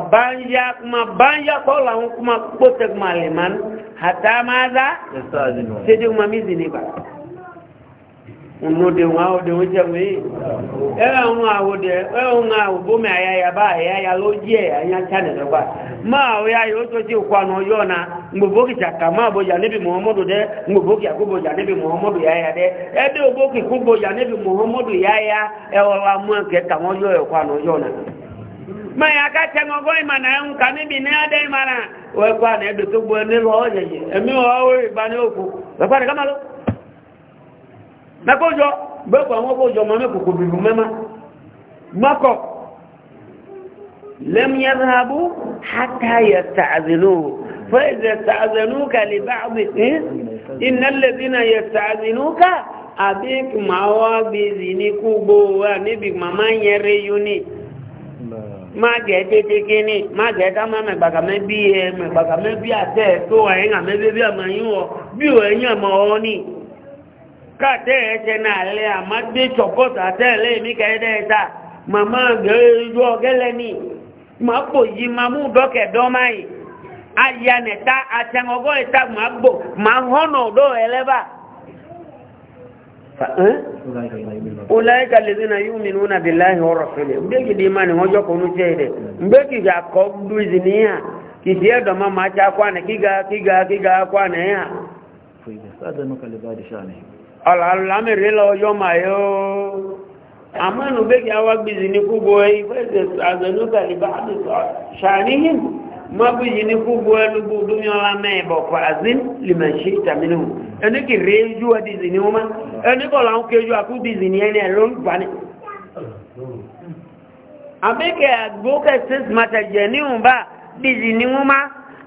kuma báyá kọ́ làwọn kuma kpọ́tẹ̀ kuma lè máa hàtà máa ònòdè wọn àwòdè wọn jẹ wọ́n yìí ẹ̀rọ àwọn àwòdè ẹ̀rọ àwọn àwòbómi àyàyà bá àyàyà ló jí ẹ̀ àyà chánẹ̀ lọ́gbà máa àwòyá yóò tó tí òkú àná yọ̀ na ya chàkà máa bòjà níbi muhammadu dẹ ngbòbókì àkóbòjà níbi muhammadu yáyà dẹ ẹbí òbókì kóbòjà níbi muhammadu ya ẹwọ eh, eh, wa nke na. máa ká tẹngọgọ ìmànà ẹ̀hún ká mẹ́kọ́jọ́ gbẹ́kọ̀ àwọn ọgbọ́jọ́ ma mẹ́kọ̀kọ̀ bìbù mẹ́má mọ́kọ̀ lẹ́mìyàzábú hátàyà tààzínú fẹ́ẹ̀zẹ̀ tààzínúkà lè bá àbìsí ìnálẹ̀dínà yẹ tààzínúkà àbí màáwá bèèzì ní kúgbò wà níbi màmá yẹn rí yúní má gẹ̀ẹ́ tètè kíní má gẹ̀ẹ́ mẹ́bí ẹ mẹ́gbàgà mẹ́bí àtẹ́ tó ẹ̀yìn àmẹ́bí àmọ́ yíwọ bí ò ẹ̀yìn àmọ́ ọ ní. káàtẹ́ ẹ̀ṣẹ́ náà lẹ́ àmá gbé ṣọ̀pọ̀tà tẹ́lẹ̀ ní kẹ́ẹ̀dẹ́ta màmá gẹ̀ẹ́jú ọgẹ́lẹ́ ní ma pò ma mú dọ́kẹ̀ dọ́máyì ayanẹ̀ta àtẹnugọ́ ìta ma gbò ma hànà ọ̀dọ́ ẹlẹ́bà ọláyíká ọ̀rọ̀ ma ní wọ́n jọ́ kọ́nú tẹ́ ẹ̀dẹ̀ mbẹ́kì gà ma ọ̀làlámẹ̀rẹ́ lọ yọ máa yọ́ àmọ́nù bẹ́kì awágbìzì ní kúgbò ìfẹ́sẹ̀ àgbẹ̀lúgbà ìbá ṣàríyìn mọ́gbìzì ní kúgbò ẹlúgbò dúnmíọ́lá mẹ́ẹ̀bọ̀ kọ̀razín lìmẹ̀ṣí tàmínú ẹni kì rí jú ẹdìzì ní wọ́n ẹni kọ̀lá ń kéjú àkúdìzì ní ẹni ẹ̀rọ ń gbà ní àbẹ́kẹ̀ àgbókẹ̀ sẹ́sì mátàjẹ̀ níhùn bá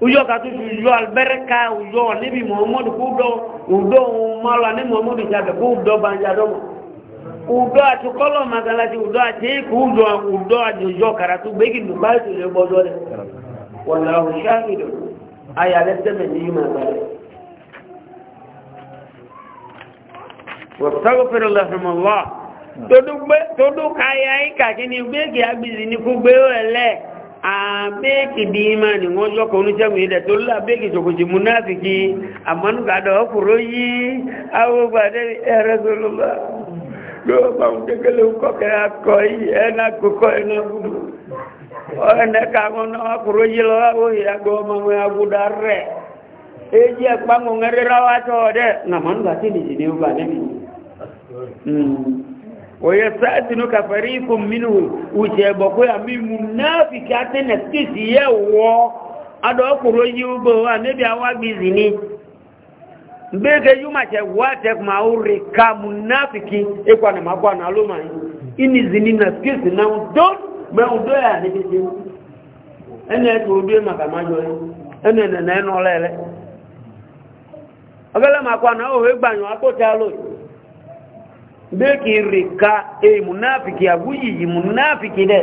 ujo katutu ujo alberka ujo nibi muhammad kudo udo mala ni muhammad jabe kudo banja domo udo atukolo magalati udo ati kudo udo ajojo karatu begi nubai tu le bodore wallahu shahidu aya lete me ni magale واستغفر اللهم الله تدوك تدوك اي اي كاكيني بيجي ابي زيني o له abeki dima ni ngojo ko nu jamu ida tolla abeki to kuji munafiki amanu ga do kuroyi awu ba de rasulullah do ba un de gele ko ke akoi ena ko ko ena bu ene ka ngono kuroyi lo awu ya go ma mu abu darre eji akpa ngere rawa to de na manu ga ti ni ni ba ne mm ويستأذنك فريق منه وشيبكوا من منافقات نسكسية و أدوكرو يوبو النبي أواقي زيني mbeke yuma che wate mauri ka munafiki ekwa na makwa na luma ini zini na skills na don me udoya ni ene ene na na no agala makwa na o egbanyo beki ka e munafiki aguyi munafiki de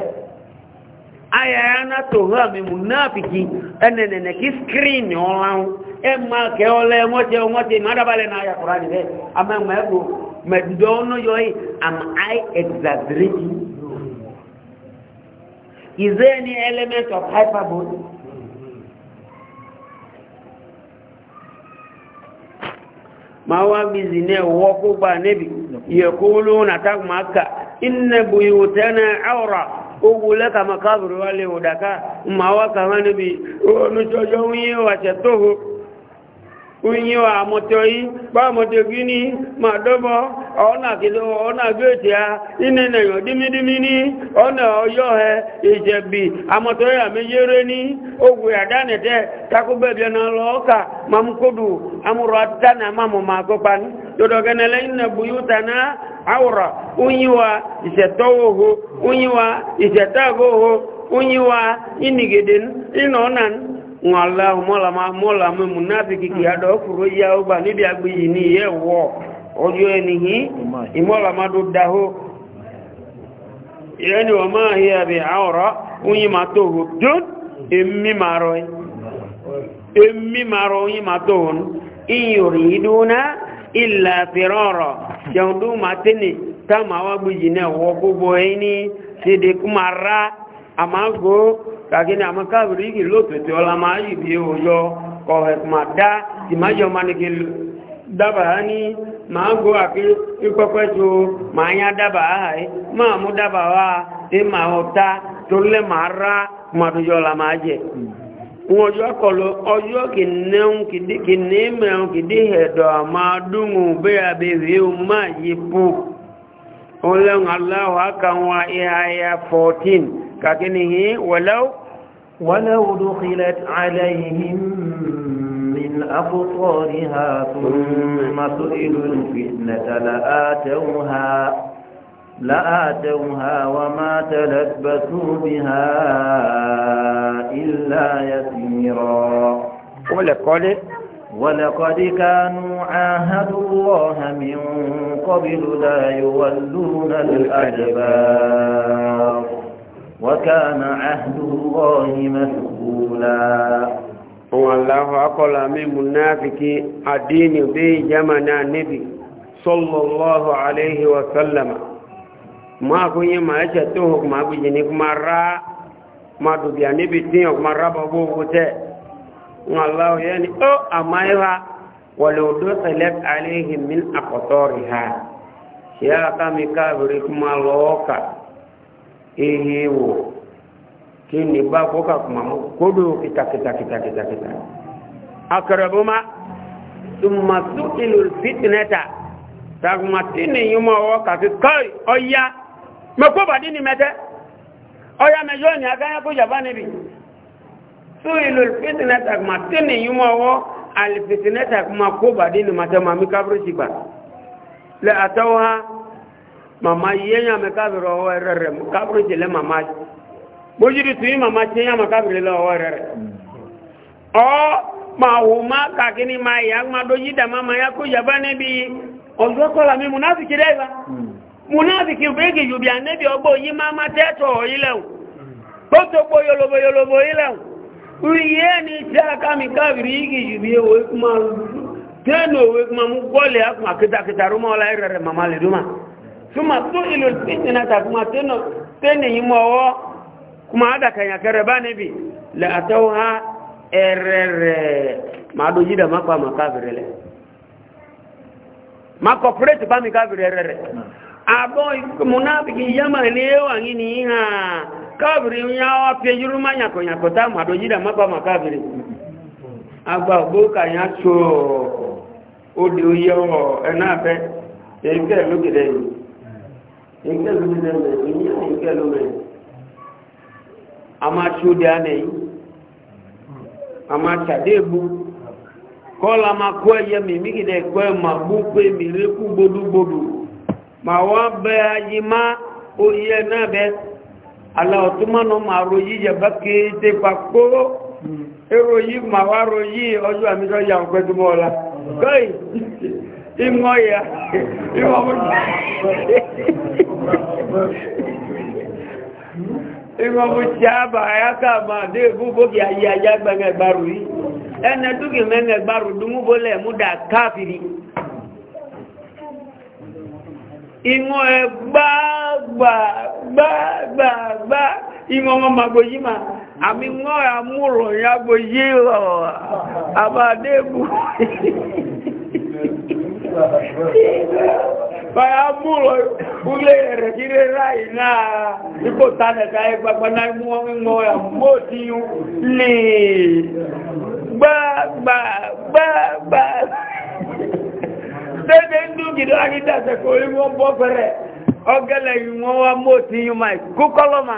aya to ha mi munafiki enene ki screen olawo e ke ole ngote na ya qurani de ama mego me dono yoi am i exaggerating is there any element of hyperbole ma wa bizine wo ko ba nebi yaquluna tak makka inna buyutana awra ogule kama kabru wale udaka ma wa kama nebi o nu jojo wi wa chetohu unyi wa motoi ba motogini madobo ona kido ona gotia inene yo dimidimi ni ona oyo he ijebi amotoi ameyere ni ogwe adane te takube bi na loka mamkudu amuratana mamu magopan dodo ganele inna buyutana awra unyi wa isetowo unyi wa isetago unyi wa inigeden inonan ŋmala mɔlama mɔlame munafiki kia dɔ furo ya o ba níbi agbèyí ni yẹ wɔ ɔjɔ ɛnihi ìmɔlama do da ho hi awɔrɔ ma to ho dún emi ma rɔ yi emi ma rɔ ŋun ma tó ho nu ila firɔrɔ ma awa gbogbo kuma ra kàkí ni àmọ́ káàbìrì yìí ló tètè ọlá máa yìí bí òyọ kọ̀ọ̀hẹ̀ mà dá ìmájọ manigi dábàá ní màá gbó àfi pípọ́pẹ́ tó màá yá dábàá àì máa mú dábàá wá tí màá ọ̀tá tó lé màá rá màdùjọ́ la máa jẹ. wọn ọjọ́ kọlu ọjọ́ kìnìún kìnìún mẹ́rin kìdí ẹ̀dọ̀ máa dùnú bẹ́ẹ̀ abẹ́rẹ́ ó máa yí pù. wọn lẹ́nu aláwọ̀ àkàwọn ìhàyà 14 kàkí nìyí wọ̀lẹ́wọ̀. ولو دخلت عليهم من أقطارها ثم سئلوا الفتنة لآتوها لآتوها وما تلبسوا بها إلا يسيرا ولقد ولقد كانوا عاهدوا الله من قبل لا يولون الأدبار وكان عهد الله مسؤولا والله أقول من منافق الدين به جمنا النبي صلى الله عليه وسلم ما كوني ما أشتوه ما بجنك مرة ما دبي النبي تيوك مرة بابوه والله يعني أو أمايها ولو دخلت عليهم من أقطارها يا قامي كابرك ما لوكا ehe wo kini ba ko ka kuma mu kodo kita kita kita kita kita akrabuma thumma su'ilul fitnata tagma tini yuma wa ka ki kai oya me ko ba dini mete oya me yo ni aga ya ko jaba ni bi su'ilul fitnata tagma tini yuma wa al fitnata kuma ko ba dini mate ma mi kabru shi la atawha mama yenya me kabiri ọwọ́ rere mu kabiri jele mama gbojiri tun yi mama tinya ma kabiri le ọwọ́ rere ọ ma wo ma kakini ma ya ma doji dama ma ya ko yaba ne bi ọjọ kọla mi munafiki dẹ ba munafiki bẹẹki yubi anebi ọgbọ yi ma ma tẹtọ ilẹ o gbọtọ gbọ yolobo yolobo ilẹ o iye ni tí a ká mi kabiri yi ki yubi ewe kuma tẹnu owe kuma mu gbọlẹ akuma kitakita ruma ọla rere mama le duma suma su ilul fitnata kuma tuno tene yimowo kuma ada kanya kare ba nabi la atawha erre ma do yida ma pa makabirele ma corporate ba mi erre erere abo munafiki yama ni ewa ni ha kabiri nyawa pe yuruma nyako nyako ta ma do yida ma pa makabire agba boka yan so o de o yo ena fe e ke lo gele yi yake zuni da mai zuni a yake lume amma cuda ne yi amma tadebu kọ́la ma kọ́ ẹyẹ mi mígì dẹ̀ kọ́ ẹ ma bú pé mi rí kú gbodúgbodù ma wá bẹ ayé má oyé náà bẹ aláwọ̀túnmọ́nà ma royí yẹ̀bá kéèté pa kó èrò yìí ma wá royí ọjọ́ àmì sọ́jà ọ̀pẹ́ tó mọ́ ọ̀la kọ́ì ịṅụọ ya ịṅụ ọmụchi aba ya ka ma dị ebubo gị ayị aja gbara egbaru yi ene dugi mene gbaru dumu bole mu da kafiri ịṅụ ẹ gbagbagbagbagba ịṅụ ọmọ magboji ma àmì ṅụọ ya mụrụ ya gboji ọ abadegbu báyà múlò kúlé rẹ̀ kí lè ráì náà ipò tánẹ̀ká ẹgbàgbà náà mú ọmọ ìmọ̀ òtí lè gbàgbàgbà tẹ́lẹ̀ ń dùn kìdọ́ àrídàṣẹ̀ kò rí wọ́n bọ́ fẹ́rẹ̀ ọgẹ́lẹ̀ ìwọ̀n wa mọ́ òtí yíò máa kú kọ́lọ́mà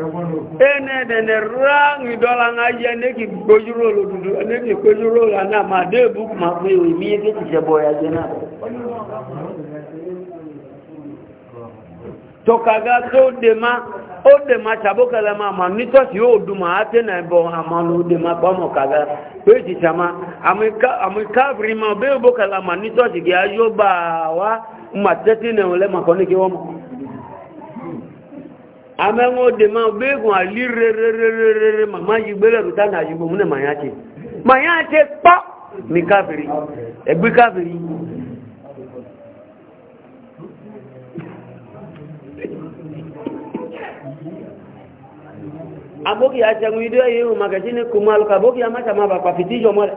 ene dene rangi dola nga ye neki gbojuro lo dudu neki gbojuro la na ma de book ma pe o mi ti se boya je na to kaga to de ma o de ma chabo kala ma ma ni to si o du ma ate na bo ha ma no de ma ba mo kaga pe ti chama amika amika vrima be bo kala ma ni to si ge ayo ba wa ma tete ne ole ma ko ni amẹ́wọ́n òde máa gbégun àlí rẹ̀rẹ̀rẹ̀rẹ̀ màmá yìí gbélẹ̀ rúta náà yìí gbòmúnẹ̀ màyá tẹ màyá tẹ pọ́ ní káfìrí ẹgbẹ́ káfìrí abókì àṣẹ̀gùn ìdí ẹ̀yẹ́ òun màkàtí ní kùmọ̀ alùkà abókì àmàṣà bàpà fìtíjọ mọ́lẹ̀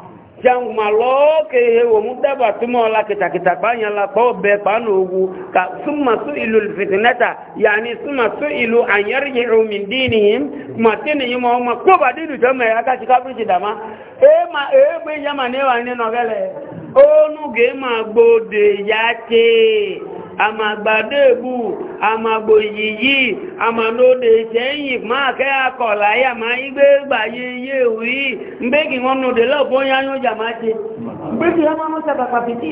jẹun ma lọ kéhe wò mú dábà túmọ̀ la kitakita báyà la kọ́ bẹ́ẹ̀ pàánù ogu ka súnmà sún ilu fìtìnẹ́ta yàní súnmà sún ilu àyẹ̀rìyìn omi dínì yìí mà tínì yìí mọ̀ ọmọ kó bà dínì tó aka ti káfíríkì ma ee gbé yamani ma gbòde yá ama gbadebu ama gboyiyi ama n'ode sẹ́yìn máa kẹ́ akọ̀lá yà máa igbé gbàyé yé wí mbégi wọn n'ode lọ́pọ̀ yányó jàmá jẹ mbégi ya máa sábà pàpìtì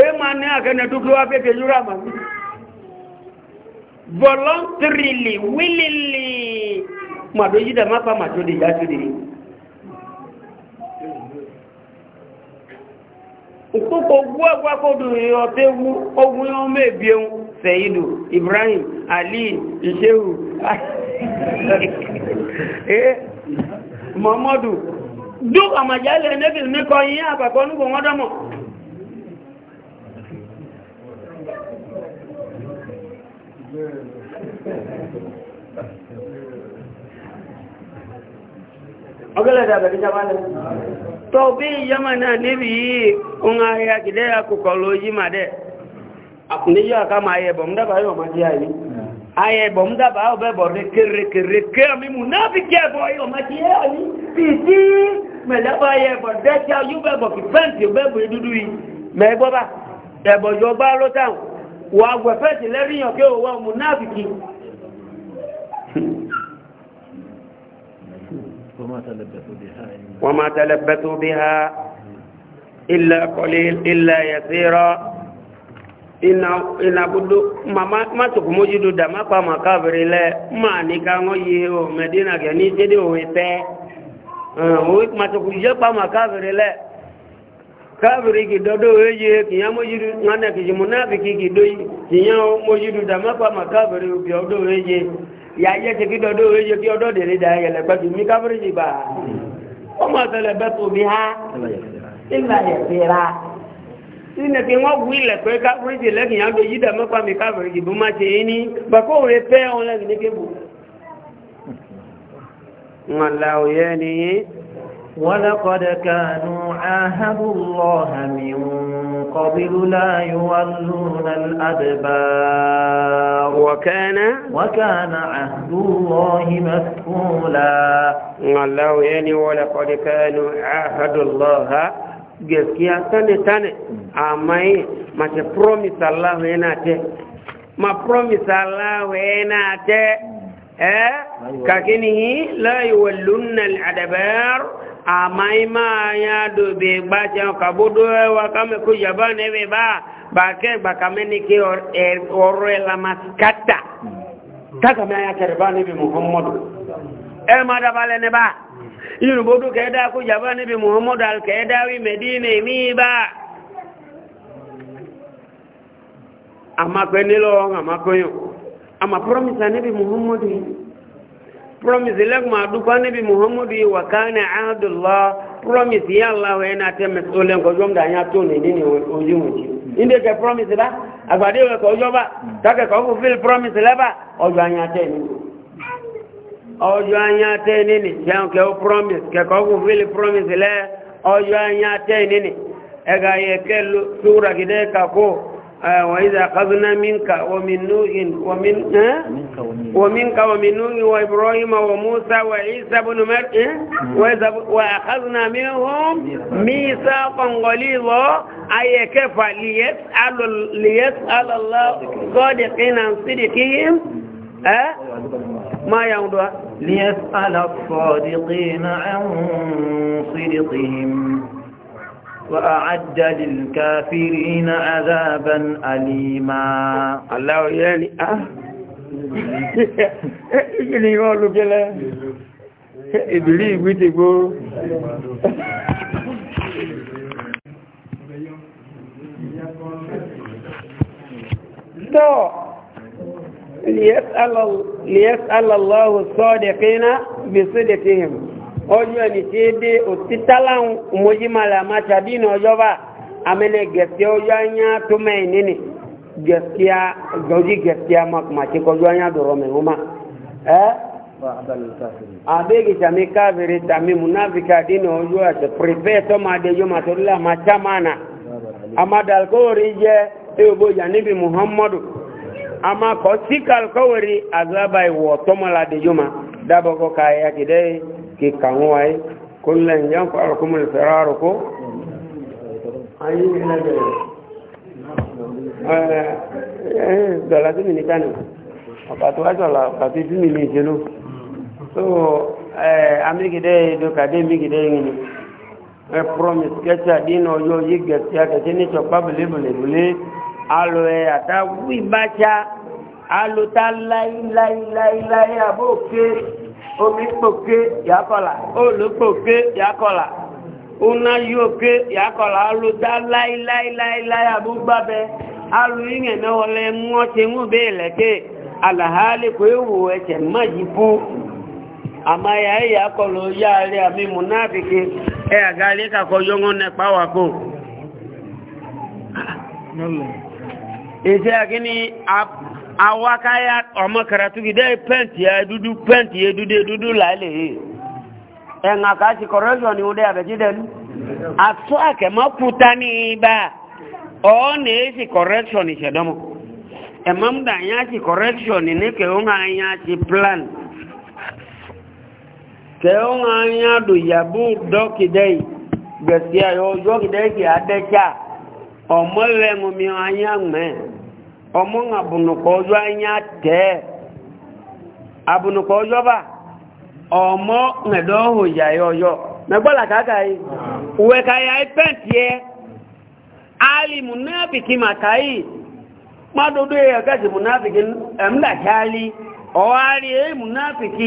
e máa ní àkẹ́nẹ̀ dúkú wá pé kejúrú àmà voluntarily willingly màdó yídà má pa màdó lè egwu agwakodu ọta egwu ogwu ọma ebiewu seidu ibrahim ali ishehu muhammadu duk àmàjálẹ̀ nẹ́bì níkọ yí àpapọ̀ nígbò wọ́n dámọ̀ ọgọ́lẹ̀dẹ̀ àbẹ̀dẹ̀ jábálẹ̀ tọ́bí yamana níbi yìí ń ayé àkìlẹ́ àkùkọ̀ akụkọ yí máa ma ayé ẹ̀bọ̀ múdàbà yóò máa jẹ́ àyí ayé ẹ̀bọ̀ múdàbà yóò bọ̀ ní mímú náà fi jẹ́ ẹ̀bọ̀ yóò máa jẹ́ àyí tí mẹ̀dábà bọ̀ bọ̀ dúdú yìí ẹ̀bọ̀ bá wà وما تلبثوا بها إلا قليل إلا يسيرا ina ina gudu mama ma to ko mojidu da ma pa ma kavre le ma ni ka ngo ye o medina ke ni jede o pe o ma to ko je pa ma kavre le kavre ki dodo e ye ki ya mojidu ngana ki munafiki ki doi ki ya mojidu da ma pa ma kavre o bi odo e ye ya yẹ ti fi dọdọ oye yẹ kí ọdọ dèrè dà yẹlẹ pẹtù mi káfíríjì bá ọmọ sọlẹ bẹ tó mi ha ìlà yẹ fi ra sínú kí wọn wí lẹpẹ káfíríjì lẹkìn yàtọ yìí dà mẹpa mi káfíríjì bó má ṣe é ní bàkó òwe pẹ ọ lẹkìn ní kébù. wọn la òye ni. ولقد كانوا عاهدوا الله من قبل لا يولون الأدبار وكان وكان عهد الله مسؤولا الله يعني ولقد كانوا عهد الله gaskiya tane tane amma yi mace promise Allah yana te ma promise Allah yana te eh kakini la yuwallunna al-adbar amaima ya dobe gbaja kabodo wa kame ko jaba nebe ba ba ke ba kame ni ke orre er, la maskata hmm. kaka me ya kerba nebe muhammadu e ma da bale ne ba yinu bodu ke da ko muhammadu al ke da wi medine mi ba ama ko ni lo ama ko yo ama promise promise lẹ́gbọ̀n àdúgbò níbi muhammadu wakana ahadullah promise yà láwọ̀ ẹ̀ náà tẹ́mẹ̀ tó lẹ́n kọjú ọmọdé àyà tó ní ní ojú mùtí ní kẹ promise bá àgbàdé ìwẹ̀ ba ọba kákẹ́ kọ́ fulfill promise lẹ́bà ọjọ́ àyà tẹ́ ní ọjọ́ àyà tẹ́ ní ní jẹun promise fulfill promise E ga sura وإذا أخذنا منك ومن نوح ومن ومنك ومن نوح وإبراهيم وموسى وعيسى بن مريم وأخذنا منهم ميثاقا غليظا أي كيف ليسأل ليسأل الله صادقين عن صدقهم ما يعود ليسأل الصادقين عن صدقهم وأعد للكافرين عذابا أليما الله يعني أه ìgbìlì ìwọ̀n olùgẹ́lẹ́ ìbìlì ìgbìtìgbò tọ́ liyes alallahu sọ́dẹ̀kínà bí sídẹ̀kíhìn ọjọ́ ni tí é dé òtítàláhùn mojímàlà máa tàbí ìnà ọjọ́ bá amẹ́nẹ gẹ̀ẹ́sẹ̀ ọjọ́ anyá tó mẹ́rin nínú gẹ̀ẹ́sẹ̀ gọ́jí gẹ̀ẹ́sẹ̀ màtí kọjọ́ anyá dọ̀rọ̀ mẹ́rin ma ẹ́ àbẹ́gì tàmí káfìrí tàmí múnáfíkà dínà ọjọ́ àti pírífẹ́ tọ́mọdé yóò máa torí àmà chámánà àmàdàlkọ́wòrí jẹ́ ewébójà níbi muhammadu àmàkọ́ síkàlkọ́wòrí àgbàbà ìwọ̀ tọ́mọládé yóò máa dábọ̀kọ́ káyà kìdẹ́ ke kanwo ai kullum yan fara kuma firaru ko ayi ina da eh, eh dala ti ni kanu apatu ajala pati ti ni jenu so eh amigi de do kade migi de ni e eh, promise kecha dino yo yige tia ke ni to pabele bele bele alo e ata wi bacha alo ta lai lai lai lai aboke omi kpòké yakɔla olu kpòké yakɔla una yoke yakɔla alu da láyiláyiláyiláyi abugbabɛ alu yiŋɛ ne wɔlɛ ŋɔtse ŋu be lɛke alahali ko ewu ɛtsɛ e ma yi ƒu ama ya ye yakɔla ya ale ami munafiki ɛyà gali kakɔ e yɔŋɔ nɛ kpawa ko ìṣe akini awa kaya ọmọ karatu gida ye pẹ́ntì ya dudu pẹ́ntì ye dudu ye dudu la le ye ẹ nka k'a ti kọrọsọ ni o de abẹ ti nu a tó a kẹ ma kuta ni ba ọ na e si kọrọsọ ni sẹ dọmọ ẹ ma da n y'a si kọrọsọ ni ne kẹ o ŋa n y'a si plan kẹ o ŋa n y'a do yabu dọ kida yi gẹsẹ yọ jọ kida yi kì í adẹ tsa ọmọ lẹ ŋun mi an y'a mẹ. ọmọ abùnùkọ ọjọ́ anya tẹ́ abùnùkọ ọjọ́ bá ọmọ mẹ̀dọ́ òyà ya pẹ́ntì ẹ alìmù náà bìkí màkà yìí mádòdó ẹ̀yà kẹsì mù náà bìkí ẹ̀mdàkí alì ọ̀hárí ẹ̀mù náà bìkí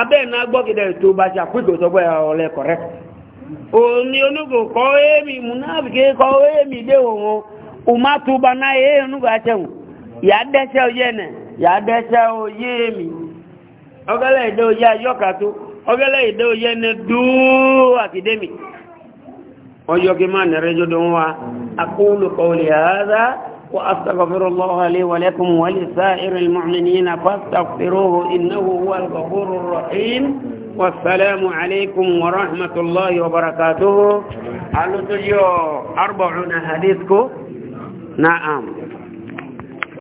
abẹ́ iná gbọ́gidẹ̀ tó bá ṣe àpéjọ sọ́gbọ́ ọ̀lẹ́ correct òní onúgò kọ́ èémì múnáàbìké kọ́ èémì dé òun ọmọ tó bá náà èé onúgò àtẹ̀wọ̀n yà dẹ́sẹ̀ oyé nẹ̀ yà dẹ́sẹ̀ oyé mi ọgẹ́lẹ̀ ìdẹ́ oyé وأستغفر الله لي ولكم ولسائر المؤمنين فاستغفروه إنه هو الغفور الرحيم والسلام عليكم ورحمة الله وبركاته على تجيو أربعون حديثكم نعم